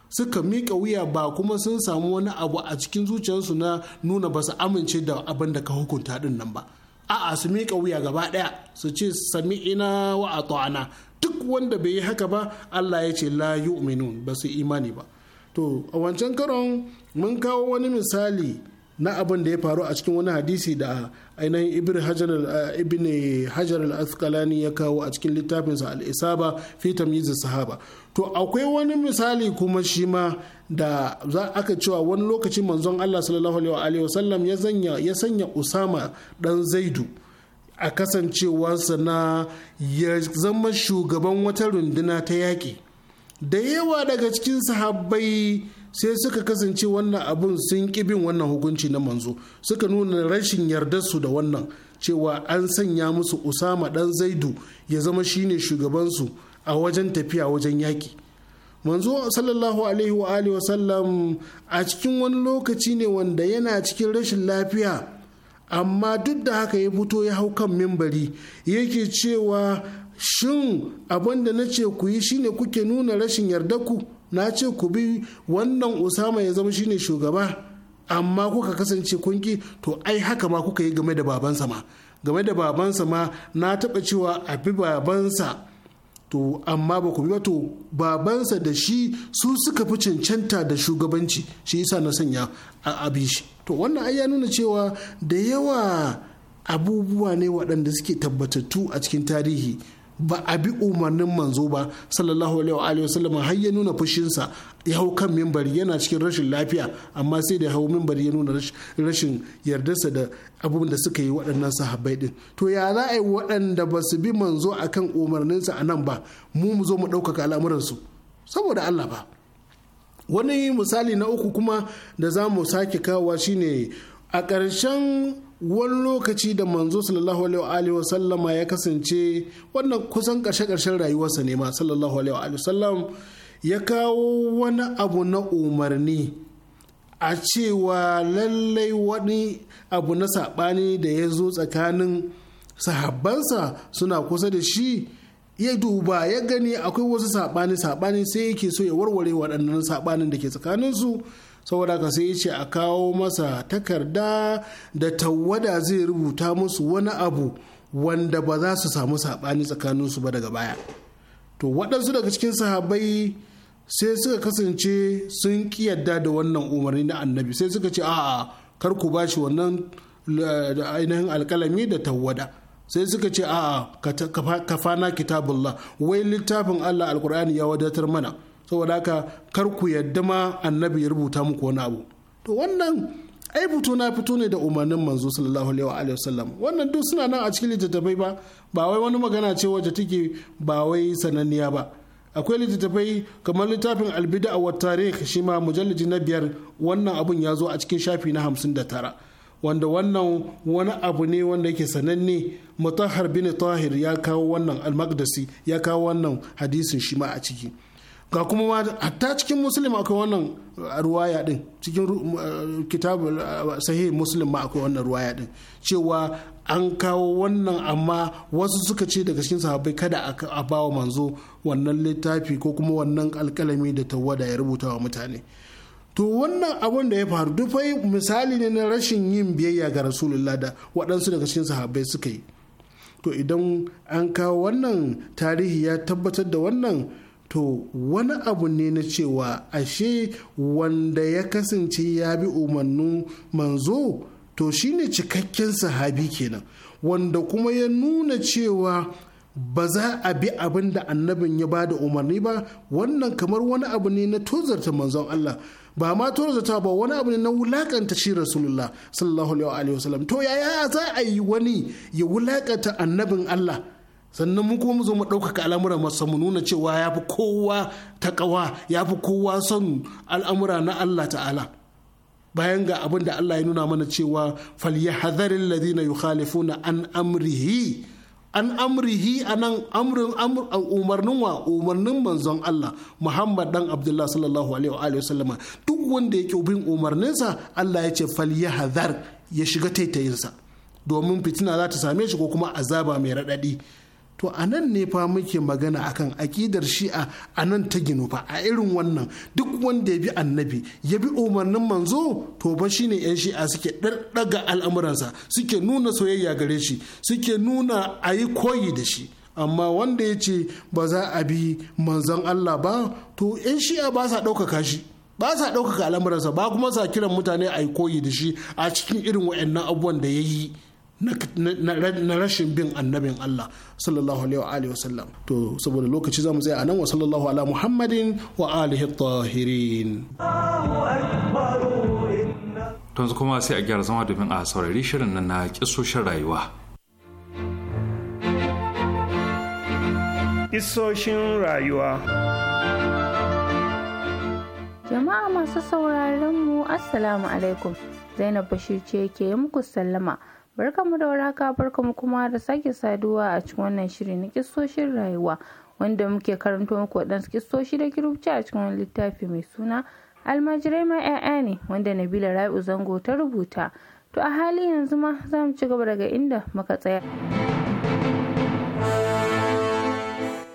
suka mika wuya ba kuma sun samu wani abu a cikin zuciyarsu na nuna ba su amince da abin da ka hukunta din nan ba a'a su mika wuya gaba ɗaya su ce sami ina wa ata'ana duk wanda bai yi haka ba Allah ya ce la yu'minun ba su imani ba to a wancan karon mun kawo wani misali na abin da ya faru a cikin wani hadisi da ainihin ibn hajar ibn hajar al-asqalani ya kawo a cikin littafinsa al-isaba fi tamyiz sahaba to akwai wani misali kuma shi ma da za aka cewa wani lokacin manzon Allah sallallahu alaihi wa sallam ya sanya ya sanya Usama dan Zaidu a kasancewarsa na ya zama shugaban wata runduna ta yaƙi da yawa daga cikin sahabbai sai suka kasance wannan abun sun ƙi bin wannan hukunci na manzo suka nuna rashin su da wannan cewa an sanya musu usama dan zaidu ya zama shine shugabansu a wajen tafiya wajen yaƙi manzo sallallahu alaihi wa alihi wa sallam a cikin wani lokaci ne wanda yana cikin rashin lafiya amma duk da haka ya fito ya hau kan mimbari yake cewa shin abinda da na ce ku yi shine kuke nuna rashin yarda ku na ce ku bi wannan usama ya zama shine shugaba amma kuka kasance kunki to ai haka ma kuka yi game da babansa ma game da babansa ma na taba cewa a bi babansa to amma ba ku bi ba to babansa da shi su suka fi cancanta da shugabanci shi isa na sanya a abin shi to wannan ai ya nuna cewa da yawa abubuwa ne waɗanda suke tabbatattu a cikin tarihi ba a bi umarnin manzo ba sallallahu alaihi wa sallam har ya nuna fushinsa ya hau kan mimbari yana cikin rashin lafiya amma sai da hau mimbari ya nuna rashin yardarsa da abubuwan da suka yi waɗannan sahabbai din to ya za a yi waɗanda ba su bi manzo a kan umarninsa a nan ba mu mu zo mu ɗaukaka al'amuransu saboda Allah ba wani misali na uku kuma da za mu sake kawowa shine a ƙarshen wani lokaci da manzo sallallahu alaihi wa sallama ya kasance wannan kusan ƙarshe-ƙarshen rayuwarsa ne ma sallallahu alaihi wa sallam ya kawo wani abu na umarni a cewa lallai wani abu na saɓani da ya zo tsakanin sahabbansa suna kusa da shi ya duba ya gani akwai wasu saɓani saɓani sai yake so ya warware waɗannan saɓanin da ke tsakaninsu saboda ka sai ce a kawo masa takarda da tawada zai rubuta musu wani abu wanda ba za su samu saɓani tsakaninsu ba daga baya to waɗansu daga cikin sahabai sai suka kasance sun yadda da wannan umarni na annabi sai suka ce a'a kar ku ba shi wannan eh, ainihin alkalami da tawada. sai suka ce a'a ka fana kitabullah wai littafin allah alkur'ani ya wadatar mana saboda haka kar ku yadda ma annabi ya rubuta muku wani abu to wannan ai fito na fito ne da umarnin manzo sallallahu alaihi wa sallam wannan duk suna nan a cikin littattafai ba ba wai wani magana ce wacce take ba wai sananniya ba akwai littattafai kamar littafin albida a tarikh shi ma mujallaji na biyar wannan abun ya zo a cikin shafi na hamsin da tara wanda wannan wani abu ne wanda yake sananne mutahar bin tahir ya kawo wannan al ya kawo wannan hadisin shi ma a ciki ga kuma ma hatta cikin muslim akwai wannan uh, ruwaya din cikin uh, kitabu uh, sahih muslim ma akwai wannan ruwaya din cewa an kawo wannan amma wasu suka ce daga cikin sahabbai kada a bawa manzo wannan littafi ko kuma wannan alkalami da tawada ya rubuta wa mutane to wannan abun da ya faru dufai misali ne na rashin yin biyayya ga rasulullah da waɗansu daga cikin sahabbai suka yi to idan an kawo wannan tarihi ya tabbatar da wannan to wani abu ne na cewa ashe wanda ya kasance ya bi umarnin manzo to shine cikakken sahabi kenan wanda kuma ya nuna cewa ba za a bi abin da annabin ya ba da umarni ba wannan kamar wani abu ne na tozarta manzon Allah ba ma tozarta ba wani abu ne na wulakanta shi rasulullah sallallahu alaihi wasallam to yaya za a yi wani ya wulakanta annabin Allah sannan mu kuma mu zo mu ɗaukaka al'amura masa mu nuna cewa ya fi kowa taƙawa ya fi kowa son al'amura na Allah ta'ala bayan ga abin da Allah ya nuna mana cewa hadarin ladina yukhalifuna an amrihi an amrihi anan amrin umarnin wa umarnin manzon Allah Muhammad dan Abdullahi sallallahu alaihi wa alihi wasallama duk wanda yake bin umarninsa Allah ya ce hadar ya shiga taitayinsa domin fitina za ta same shi ko kuma azaba mai raɗaɗi to a nan ne fa muke magana akan akidar shi'a a nan ta ginu fa a irin wannan duk wanda ya bi annabi ya bi umarnin manzo to ba shi ne yan shi'a suke ɗarɗaga al'amuransa suke nuna soyayya gare shi suke nuna a yi koyi da shi amma wanda ya ce ba za a bi manzon Allah ba to yan shi'a ba sa ɗaukaka shi ba sa ɗaukaka al'amuransa ba kuma sa kiran mutane a yi koyi da shi a cikin irin wa'annan abubuwan da ya yi na rashin bin annabin Allah sallallahu alaihi wa wasallam to saboda lokaci zamu tsaya anan wa sallallahu ala muhammadin wa alihi tahirin yanzu kuma sai a gyara zama domin a saurari shirin nan na kisoshin rayuwa isoshin rayuwa jama'a masu sauraron mu assalamu alaikum zainab bashir ce ke muku sallama barkamu da warhaka barkamu kuma da sake saduwa a cikin wannan shiri na kistoshin rayuwa wanda muke karanto muku waɗansu kistoshi da kirubci a cikin wani littafi mai suna almajirai ma 'ya'ya ne wanda nabila rai'u zango ta rubuta to a hali yanzu ma za mu ci gaba daga inda muka tsaya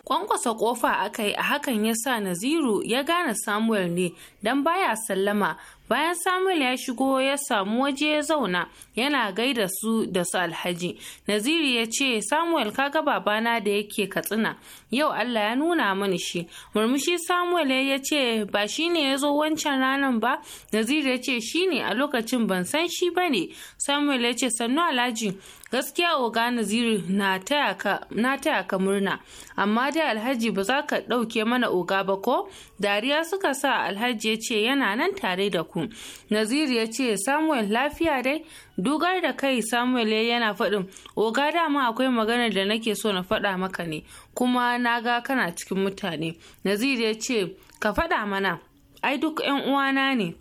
kwankwasa kofa aka yi a hakan ya sa naziru ya gane samuel ne don baya sallama bayan samuel ya shigo ya samu waje ya zauna yana gaida su da su alhaji naziri ya ce samuel kaga babana da yake katsina yau allah ya nuna mani shi murmushi samuel ya ce ba shi ne ya zo wancan ranar ba naziri ya ce shi ne a lokacin ban san shi ba ne samuel ya ce sannu alhaji gaskiya oga naziru na taya ka murna amma dai alhaji ba za ka ɗauke mana oga ba ko dariya suka sa alhaji ya ce yana nan tare da ku Naziru ya ce Samuel lafiya dai dugar da kai Samuel yana faɗin oga dama akwai maganar da nake so na faɗa maka ne kuma na ga kana cikin mutane. Naziru ya ce ka faɗa mana ai duk 'yan uwana ne.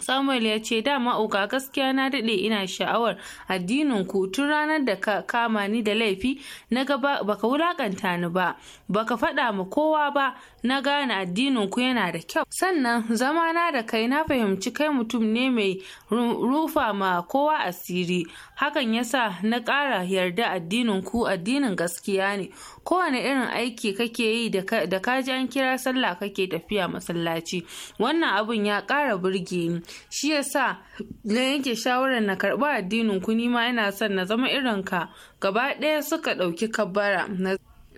Samuel ya ce dama Oga gaskiya na daɗe ina sha'awar addinin ku tun ranar da ka kama ni da laifi na ga baka wulakanta ni ba baka faɗa ma kowa ba na gane addinin ku yana da kyau sannan zama na da kai na fahimci kai mutum ne mai rufa ma kowa asiri hakan yasa na ƙara yarda addinin ku addinin gaskiya ne kowane irin aiki kake yi da ka ji an kira sallah kake tafiya masallaci wannan abun ya ƙara burge ni shi yasa na yanke shawarar na karɓi addinin ku nima ina son na zama irin ka gaba ɗaya suka ɗauki kabbara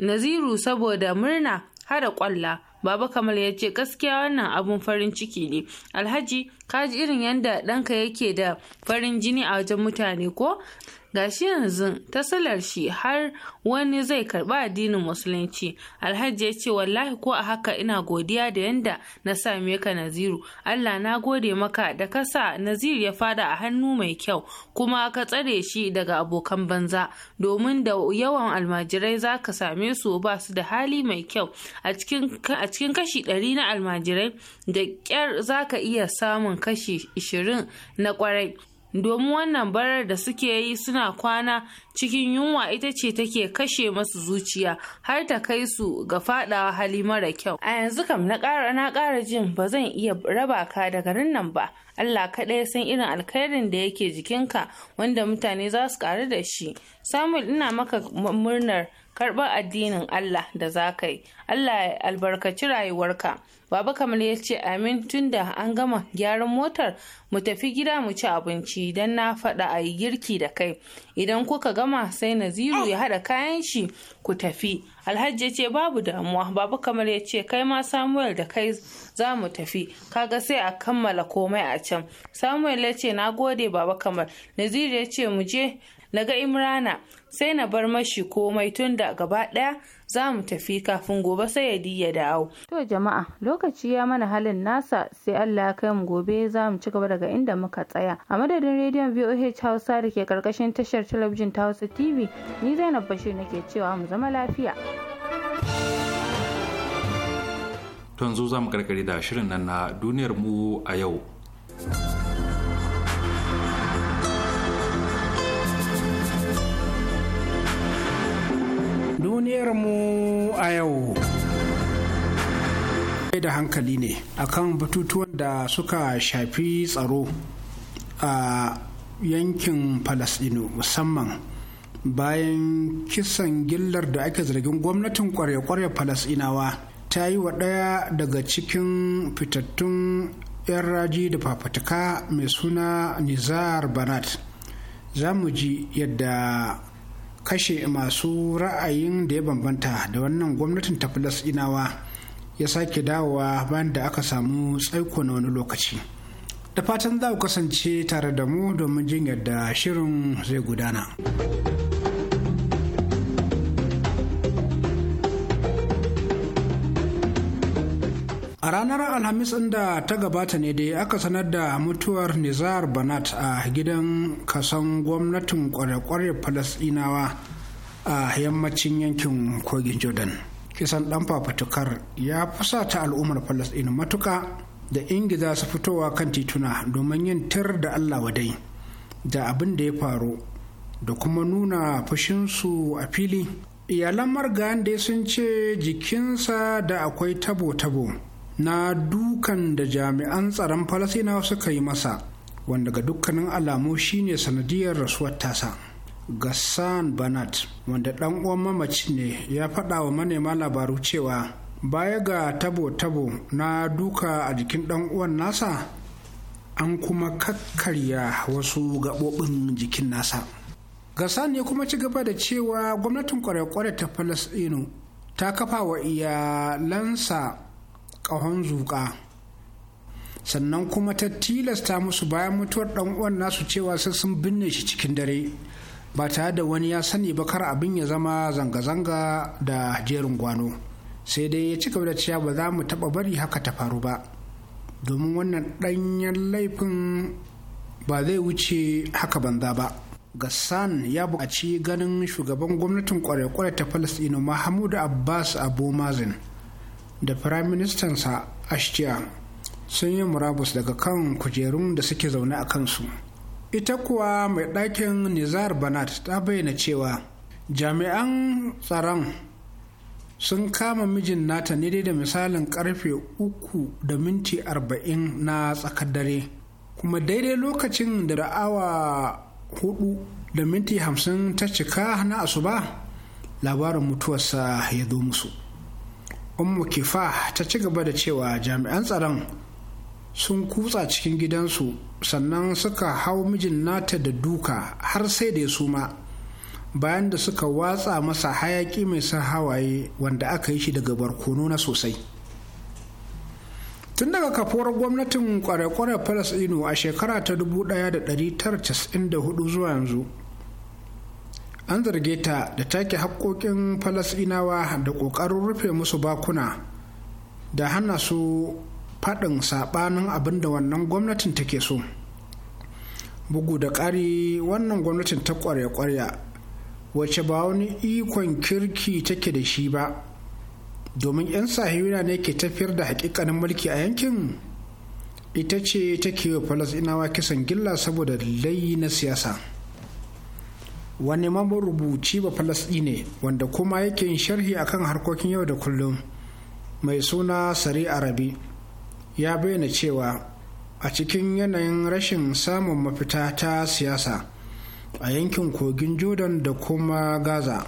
naziru saboda murna hada kwalla baba kamal ya ce gaskiya wannan abun farin ciki ne alhaji ka ji irin yadda ɗanka yake da farin jini a wajen mutane ko gashi yanzu ta salar shi har wani zai karba addinin musulunci alhaji ya ce wallahi ko a haka ina godiya da yanda na same ka naziru allah na gode maka da kasa naziru ya fada a hannu mai kyau kuma ka tsare shi daga abokan banza domin da yawan almajirai za ka same su ba su da hali mai kyau a cikin kashi ɗari na almajirai da ƙyar za ka iya samun kashi ishirin na kwarai domin wannan barar da suke yi suna kwana cikin yunwa ita ce take kashe masu zuciya har ta kai su ga fadawa hali mara kyau a yanzu kam na ƙara na ƙara jin ba zan iya raba ka daga nan ba Allah kaɗai san irin alkhairin da yake jikinka wanda mutane za su ƙaru da shi Samuel ina maka murnar karɓar addinin Allah da za ka yi Allah ya albarkaci rayuwarka baba kamar ya ce amin tun da an gama gyaran motar mu tafi gida mu ci abinci don na faɗa a yi girki da kai idan kuka gama sai naziru ya haɗa kayan shi ku tafi alhaji ya ce babu damuwa baba kamar ya ce kai ma samuel da kai za mu tafi kaga sai a kammala komai a can samuel ya ce na gode baba kamar naziru ya ce mu je na ga imrana sai na bar mashi komai tun da gaba daya za mu tafi kafin gobe sai ya diya dawo. To jama'a lokaci ya mana halin nasa sai Allah ya kai mu gobe za mu ci gaba daga inda muka tsaya. A madadin rediyon VOH Hausa da ke karkashin tashar talabijin ta Hausa TV ni Zainab Bashir nake cewa mu zama lafiya. To yanzu za mu karkari da shirin nan na duniyar mu a yau. mu a yau. da hankali ne akan batutuwan da suka shafi tsaro a yankin falasdino musamman bayan kisan gillar da ake zargin gwamnatin kwarya-kwarya falasdinawa ta yi wa ɗaya daga cikin fitattun 'yan raji da fafatuka mai suna nizar banat za mu ji yadda kashe masu ra'ayin da ya bambanta da wannan gwamnatin ta inawa ya sake dawowa bayan da aka samu tsaiko na wani lokaci da fatan za ku kasance tare da mu domin jin yadda shirin zai gudana. a ranar alhamis da ta gabata ne dai aka sanar da mutuwar nizar banat a gidan kasan gwamnatin kware-kware falasdinawa a yammacin yankin kogin jordan kisan ɗan fafutukar ya fusata al'ummar falasdin matuka da ingiza su fitowa kan tituna domin yin tir da allah dai da abin da ya faru da kuma nuna fushinsu a fili iyalan margayan dai sun ce jikinsa da akwai tabo-tabo na dukan da jami'an tsaron falasinawa suka yi masa wanda ga dukkanin alamu shine sanadiyar rasuwar tasa gassan banat wanda dan uwan mamaci ne ya faɗa wa manema labaru cewa baya ga tabo-tabo na duka a jikin dan uwan nasa an kuma kakkarya wasu gaɓoɓin jikin nasa gassan ya kuma ci gaba da cewa gwamnatin kware ta falasɗinu ta kafa wa iyalansa ƙahon zuƙa sannan kuma ta tilasta musu bayan mutuwar ɗan uwan nasu cewa sai sun binne shi cikin dare ba tare da wani ya sani ba kar abin ya zama zanga-zanga da jerin gwano sai dai ya ci gaba da cewa ba za mu taɓa bari haka ta faru ba domin wannan ɗanyen laifin ba zai wuce haka banza ba gassan ya buƙaci ganin shugaban gwamnatin ƙwarai kwarai ta falasɗinu mahmud abbas abu mazin da firaministansa ashtiya sun yi murabus daga kan kujerun da suke zaune a kansu ita kuwa mai ɗakin nizar banat ta bayyana cewa jami'an tsaron sun kama mijin nata ne dai da misalin karfe uku da minti arba'in na tsakar dare kuma daidai lokacin da ra'awa huɗu da minti hamsin ta cika na asuba labarin mutuwarsa ya zo musu ummu kifa ta ci gaba da cewa jami'an tsaron sun kutsa cikin gidansu sannan suka hau mijin nata da duka har sai da ya suma bayan da suka watsa masa hayaki mai sa hawaye wanda aka yi shi daga barkono na sosai tun daga kafuwar gwamnatin kware-kware Falasɗinu, a shekara ta 1994 zuwa yanzu an zarge ta da take haƙƙoƙin falasɗinawa da ƙoƙarin rufe musu bakuna da hana su faɗin saɓanin abin da wannan gwamnatin take so bugu da ƙari wannan gwamnatin ta ƙware ƙwarya wacce ba wani ikon kirki take da shi ba domin 'yan sahiyuna ne ke tafiyar da haƙiƙanin mulki a yankin ita ce take wa falasɗinawa kisan gilla saboda layi na siyasa. wani rubuci ba ne wanda kuma yake yin sharhi akan harkokin yau da kullum mai suna sari arabi ya bayyana cewa a cikin yanayin rashin samun mafita ta siyasa a yankin kogin jordan da kuma gaza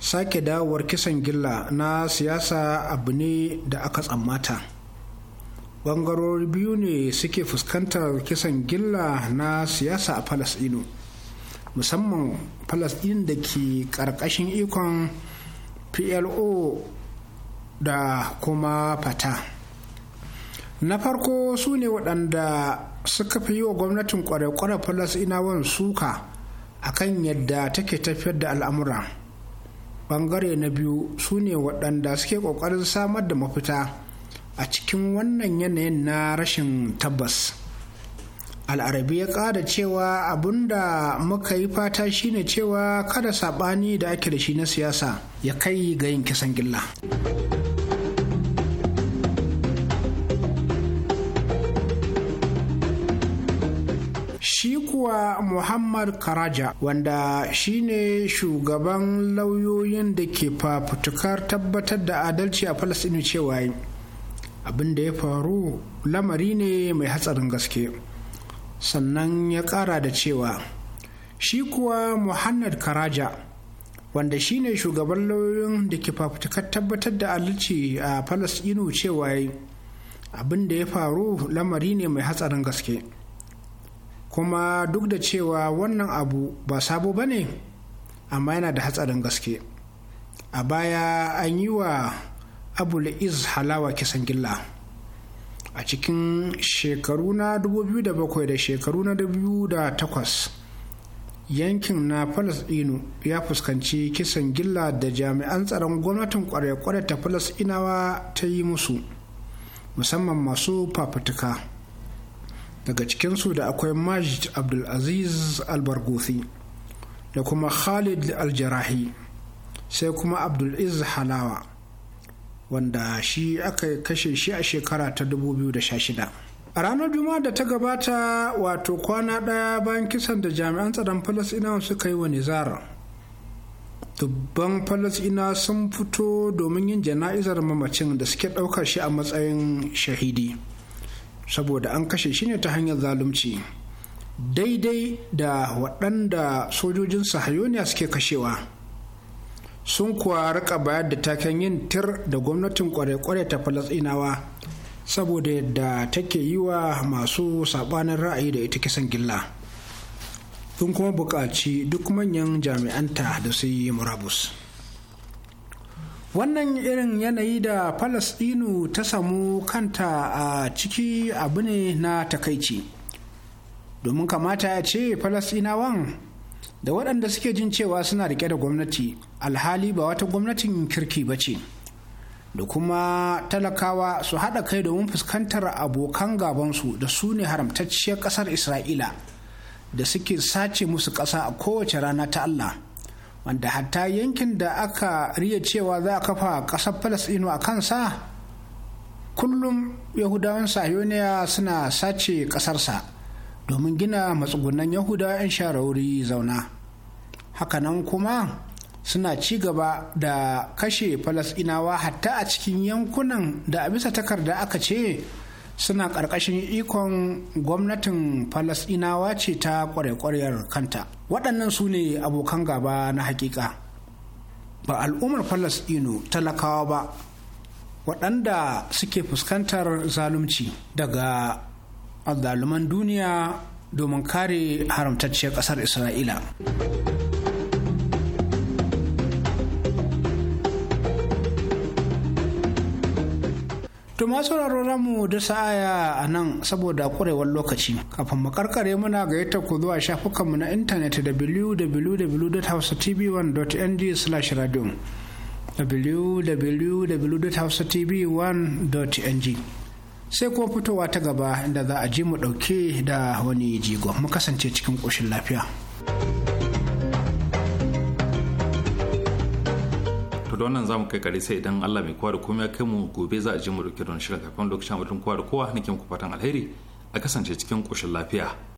sake dawowar kisan gilla na siyasa abu ne da aka tsammata bangarori biyu ne suke fuskantar kisan gilla na siyasa a falasɗinu musamman falasɗin da ke ƙarƙashin ikon plo da kuma fata na farko su ne waɗanda suka fi yi wa gwamnatin kware-kware falasɗinawan suka akan yadda take tafiyar da al'amura bangare na biyu su ne waɗanda suke ƙoƙarin samar da mafita a cikin wannan yanayin na rashin tabbas. al'arabi ya ƙara cewa abinda muka yi fata shine cewa kada saɓani da ake da shi na siyasa ya kai ga yin kisan gilla shi kuwa muhammad karaja wanda shine shugaban lauyoyin da ke fafutukar tabbatar da adalci a falasɗinu cewa abin da ya faru lamari ne mai hatsarin gaske sannan ya ƙara da cewa shi kuwa muhammad karaja wanda shi ne shugaban lauyoyin da ke fafutukar tabbatar da alici a falasɗinu cewa abin da ya faru lamari ne mai hatsarin gaske kuma duk da cewa wannan abu ba sabo ba ne amma yana da hatsarin gaske a baya an yi wa abu iz halawa kisan gilla a cikin shekaru na 2007 da shekaru na 2008 yankin na falasdino ya fuskanci kisan gilla da jami'an tsaron gwamnatin kware-kware ta falasdinawa ta yi musu musamman masu fafutuka daga cikinsu da akwai majid abdulaziz albargothi da kuma khalid aljarahi sai kuma AbdulIz halawa wanda shi aka kashe shi a shekara ta 2016 a ranar juma'a da ta gabata wato kwana ɗaya bayan kisan da jami'an tsaron falasɗinawa suka yi wa nizar dubban falasɗina sun fito domin yin jana'izar mamacin da suke ɗaukar shi a matsayin shahidi saboda an kashe shi ne ta hanyar zalunci daidai da waɗanda sojojin sahayoniya suke kashewa sun kuwa rika bayar da taken yin tir da gwamnatin kware-kware ta falasinawa saboda yadda take yi wa masu saɓanin ra'ayi da ita kisan gilla sun kuma buƙaci duk manyan jami'anta da su yi murabus wannan irin yanayi da falasɗinu ta samu kanta a ciki abu ne na takaici domin kamata ya ce falasɗinawan da waɗanda suke jin cewa suna riƙe da gwamnati alhali ba wata gwamnatin kirki ba ce da kuma talakawa su haɗa kai domin fuskantar abokan gabansu da su ne haramtacciyar ƙasar isra'ila da suke sace musu ƙasa a kowace rana ta allah wanda hatta yankin da aka riya cewa za a kafa ƙasar falasɗinu a kansa kullum yahudawan sahiyoniya suna sace ƙasarsa domin gina matsugunan Yahuda, 'yan wuri zauna hakanan kuma suna ci gaba da kashe falasinawa hatta a cikin yankunan da a bisa takarda aka ce suna ƙarƙashin ikon gwamnatin falasinawa ce ta ƙwarƙwariyar kanta waɗannan su ne abokan gaba na hakika ba al'ummar falasino talakawa ba waɗanda suke fuskantar zalunci daga azzaluman duniya domin kare haramtacciyar ƙasar isra'ila To masu mu da sa'aya a nan saboda kurewar lokaci. Kafin mu karkare muna yadda ku zuwa shafukanmu na intanet www.hausatv1.ng/radio www.hausatv1.ng sai kuma fitowa ta gaba inda za a ji mu ɗauke da wani jigo mu kasance cikin ƙoshin lafiya. To da wannan zamu kai kare sai idan Allah mai kowa da komai kai mu gobe za a ji mu dauke don shirin kafin lokacin mutum kowa da kowa nake muku fatan alheri a kasance cikin ƙoshin lafiya